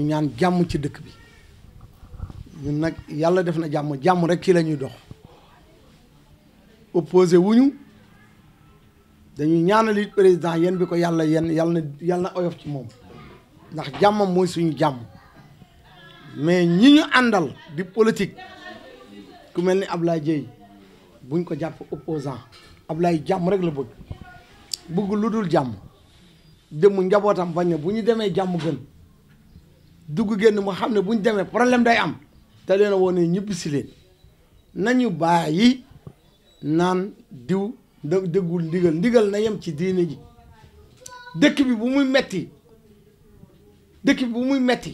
ñu ñaan jàmm ci dëkk bi ñun nag yàlla def na jàmm jàmm rek kii la ñuy dox opposé wuñu dañuy ñaanali président yéen bi ko yàlla yenn yàlla na yàlla oyof ci moom ndax jàmmam mooy suñu jàmm mais ñi ñu àndal di politique ku mel ni Ablaye Dieye buñ ko jàpp opposant Ablaye jàmm rek la bëgg bëgg lu dul jàmm dem njabootam bañ ne bu ñu demee jàmm gën dugg génn mu xam ne bu ñu demee problème day am te leen a woo ne ñëpp si leen nañu bàyyi naan diw da ndigal ndigal na yem ci diine ji dëkk bi bu muy metti dëkk bi bu muy metti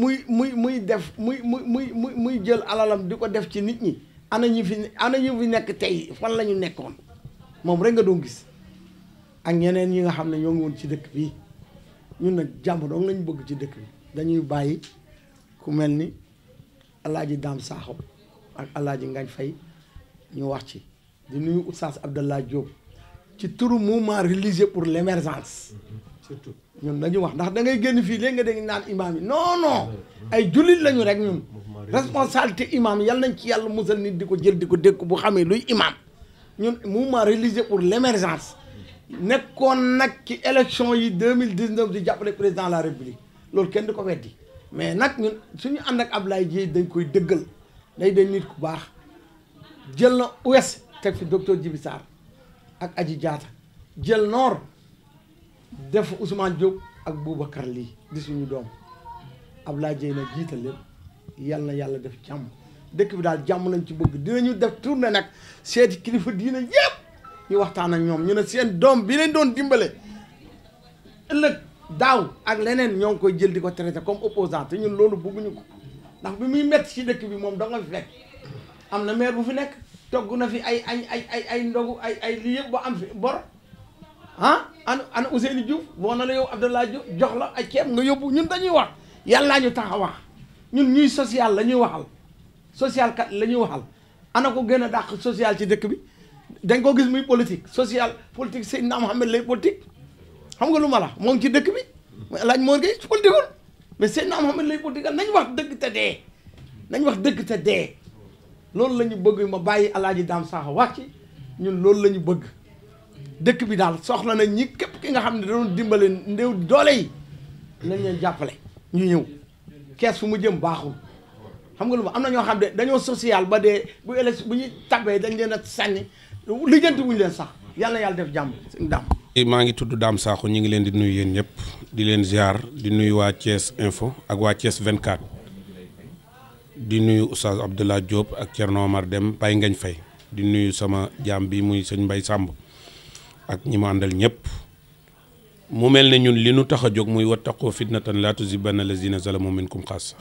muy muy muy def muy muy muy muy muy jël alalam di ko def ci nit ñi ana ñu fi nekk tey fan la ñu nekkoon moom rek nga doon gis ak ñeneen ñi nga xam ne ñoo ngi woon ci dëkk bii ñun nag jàmm dong lañ bëgg ci dëkk bi dañuy bàyyi ku mel ni alaaji Daam Saaxo ak alaaji Ngañ Fay ñu wax ci di nuyu Oustaz Abdallah Diop ci turu mouvement religieux pour l'émergence surtout ñun dañu wax ndax da ngay génn fii léegi nga dégg naan imaam yi non non ay jullit lañu rek ñun responsabilité imaam yal nañ ci yàlla musal nit di ko jël di ko dékk bu xamee luy imaam ñun mouvement religieux pour l'émergence nekkoon nag ci élection yi deux mille dix neuf di jàppale président de la république loolu kenn du ko weddi mais nag ñun suñu ànd ak Abdoulaye Dièye dañ koy dëggal day dañ nit ku baax jël na ouest teg fi docteur Djibi Sarr ak aji jaata jël noor def Ousmane Diop ak Boubacar lii di suñu doom ab Abdoulaye Dièye nag jiital lépp yal na yàlla def jàmm dëkk bi daal jàmm nañ ci bëgg dinañu def tournée nag seeti kilifa diina yëpp ñu waxtaan ak ñoom ñu ne seen doom bi leen doon dimbale ëllëg daaw ak leneen ñoo ngi koy jël di ko traité comme opposant te ñun loolu bëgguñu ko ndax mi muy ci dëkk bi moom da nga fi fekk am na maire bu fi nekk togg na fi ay añ ay ay ay ndogu ay ay lii am fi bor ah an an Ousseynou Diouf boo na la yow Abdoulaye Diouf jox la ay ceeb nga yóbbu ñun dañuy wax yàllaa ñu tax ñun ñuy social la ñuy waxal social kat la ñuy waxal ana ko gën a dàq social ci dëkk bi dañ koo gis muy politique sociale mu Seydina Mohamed lay politique xam nga lu ma la moo ngi ci dëkk bi laaj Mor Gueye politique mais Seydina Mohamed lay politique nañ wax dëgg te dee nañ wax dëgg te dee loolu la ñu bëgg ma bàyyi alaaji daam saaxa ci ñun loolu la ñu bëgg dëkk bi daal soxla na ñi képp ki nga xam ne doon dimbale ndew doole yi nañ leen jàppale ñu ñëw kees fu mu jëm baaxul xam nga lu ma am na ñoo xam ne dañoo social ba dee bu élection bu ñuy tabee dañ leen a sànni lijjanti wuñ leen sax yàlla yàlla def jàmm daam eh, maa ngi tudd daam Sakho ñu ngi leen di nuyu yéen ñëpp di leen ziar di nuyu waa Thiès Info ak waa Thiès 24 di nuyu Oustaz Abdallah Diop ak Thierno Dem Baye Ngañ Faye di nuyu sama jaam bi muy sëñ Mbay Sàmb ak ñi ma àndal ñëpp mu mel ne ñun li nu tax a jóg muy wattaqoo fitnatan laa tusibanna lazina zalamu minkum xaasa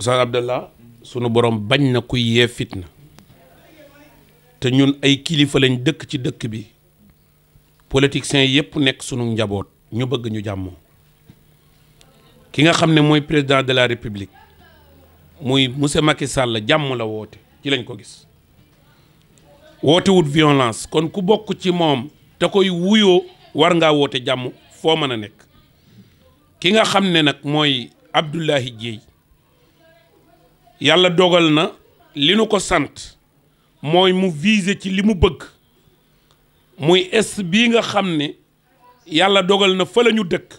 Oustaz Abdallah sunu borom bañ na ku yee fitna te ñun ay kilifa lañ dëkk ci dëkk bi politiciens yépp nekk sunu njaboot ñu bëgg ñu jàmmoo ki nga xam ne mooy président de la république muy monsieur Macky Sall jàmm la woote ci lañ ko gis wootewut wut violence kon ku bokk ci moom te koy wuyoo war ngaa woote jàmm foo mën a nekk ki nga xam ne nag mooy Abdoulaye Dièye yàlla dogal na li nu ko sant mooy mu viser ci li mu bëgg muy est bii nga xam ne yàlla dogal na fa la ñu dëkk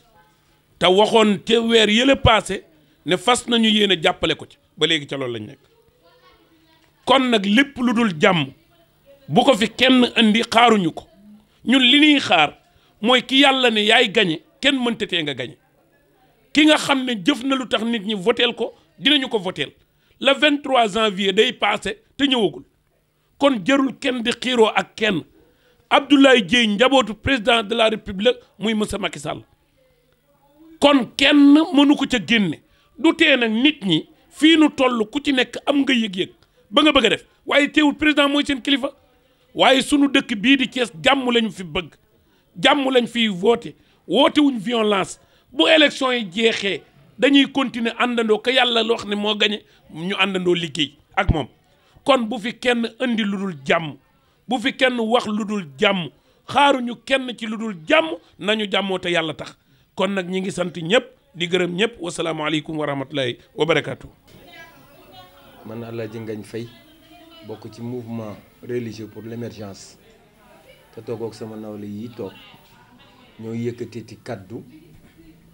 te waxoon ca weer yële passé ne fas nañu yéen a jàppale ko ci ba léegi ca loolu lañ nekk kon nag lépp lu dul jàmm bu ko fi kenn indi xaaruñu ko ñun li ñuy xaar mooy ki yàlla ne yaay gañe kenn mëntatee nga gañe ki nga xam ne jëf na lu tax nit ñi voteel ko dinañu ko voteel le 23 janvier day passé te ñëwagul kon jarul kenn di xiiroo ak kenn Abdoulaye Dieye njabootu président de la république muy monsieur Macky Sall kon kenn mënu ko ca génne du tee nag nit ñi fii nu toll ku ci nekk am nga yëg-yëg ba nga bëgg a def waaye teewul président mooy seen kilifa waaye sunu dëkk bii di Thiès jàmm lañu fi bëgg jàmm lañ fi woote woote violance bu élection yi jeexee dañuy continuer àndandoo ko yàlla loo wax ne moo gañe ñu àndandoo liggéey ak moom kon bu fi kenn andi lu dul jàmm bu fi kenn wax lu dul jàmm xaaruñu kenn ci lu dul jàmm nañu jàmmoo te yàlla tax kon nag ñi ngi sant ñëpp di gërëm ñëpp wasalaamaaleykum wa rahmatulahi wa barakaatu. man Alaaji Ngagne Faye bokk ci mouvement religieux pour l'émergence te toogook sama nawle yi toog ñoo yëkkatiti kàddu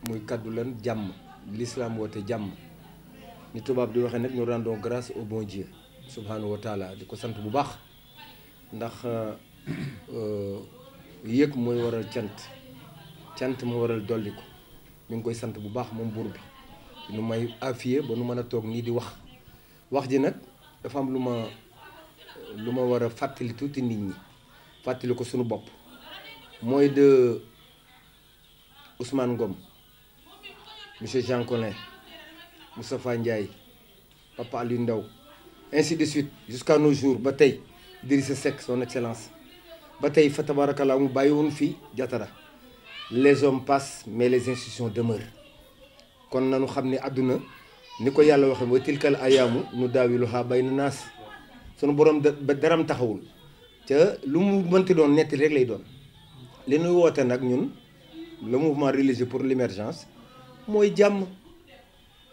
muy kaddu lan jàmm l'islam woote jàmm ni tubaab di waxe nag ñu rendons grâce au bon Dieu. subhanahu wa taala di ko sant bu baax ndax euh, euh, yëg mooy waral cant cant moo waral dolli ko ñu ngi koy sant bu baax moom buur bi nu may affiye ba nu mën a toog nii di wax wax ji nag dafa am lu ma lu ma war a fàttali tuuti nit ñi fàttali ko suñu bopp mooy de Ousmane Ngom monsieur Jean Collin Moustapha Ndiaye Papa Aliou Ndao ainsi de suite jusqu'à nos jours ba tey sa Seck son excellence ba tey fa tabarakallah mu bàyyi woon fii jatara les hommes passent mais les institutions demeurent kon nanu xam ne àdduna ni ko yàlla waxee wa tilkal ayaamu nu daawiluhaa bayna naas sunu borom ba daram taxawul te lu mu banti doon netti rek lay doon li ñuy woote nag ñun le mouvement religieux pour l'émergence mooy jàmm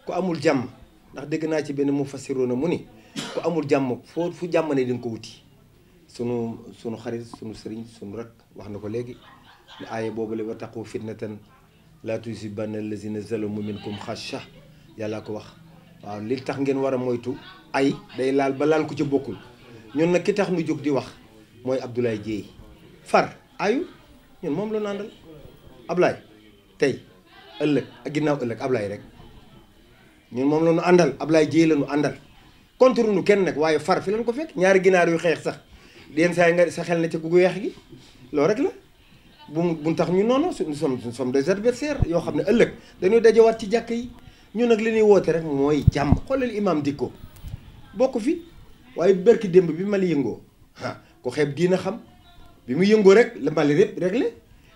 ku amul jàmm ndax dégg naa ci benn mu fassiroona mu ni ku amul jàmm foo fu jàmm ne di ko wuti sunu sunu xarit sunu sëriñ sunu rak wax na ko léegi ne aaya boobule la taqu fitnatan laa tusibanna allazina zalamu minkum xasha yàllaa ko wax waaw li tax ngeen war a moytu ay day laal ba laal ko ci bokkul ñun nag ki tax nu jóg di wax mooy Abdoulaye Dieye far ayu ñun moom la nandal Ablaye tey ëllëg ak ginnaaw ëllëg Ablaye rek ñun moom la ñu àndal Ablaye Dieye la ñu àndal contre nu kenn nag waaye far fi lañ ko fekk ñaari ginaar yu xeex sax yenn saa yi nga sa xel na ci ku weex gi loolu rek la bu mu bu tax ñu noonu nous sommes de sommes des adversaires yoo xam ne ëllëg dañuy dajewaat ci jàkk yi ñun nag li ñuy woote rek mooy jàmm xoolal imaam Dicko bokk fi waaye berki démb bi Mali yëngoo ah ko xeeb diina xam bi mu yëngoo rek la Mali rek la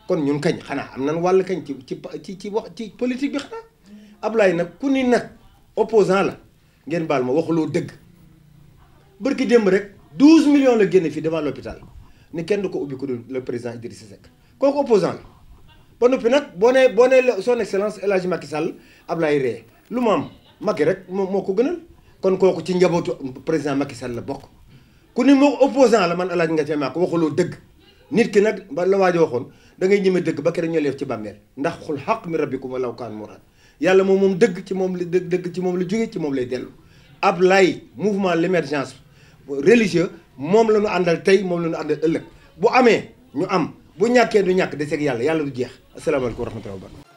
kon ñun kañ xanaa am nañ wàll kañ ci ci ci wax ci politique bi xanaa Ablaye nag ku nag. opposant la ngeen baal ma waxuloo dëgg bërki démb rek 12 millions la génn fii devant l'hôpital ni kenn du ko ubbi ko dul le président Idrissa Seck kooku opposant la ba noppi nag boo nee boo nee son excellence El Hadj Macky Sall Ablaye Reye lu mu am Macky rek moo moo ko gënal kon kooku ci njabootu président Macky Sall la bokk ku ni moo opposant la man El Hadj nga cee maa ko waxuloo dëgg nit ki nag ba la waaj waxoon da ngay ñeme dëgg ba keroog ñu leef ci bàmmeel ndax xul xaq mi rabbikum yàlla moom moom dëgg ci moom la dëgg ci moom la jóge ci moom lay dellu ab lay mouvement l'émergence religieux moom la ñu àndal tey moom la ñu àndal ëllëg bu amee ñu am bu ñàkkee du ñàkk deseeg yàlla yàlla du jeex asalaamaaleykum wa rahmatulah wa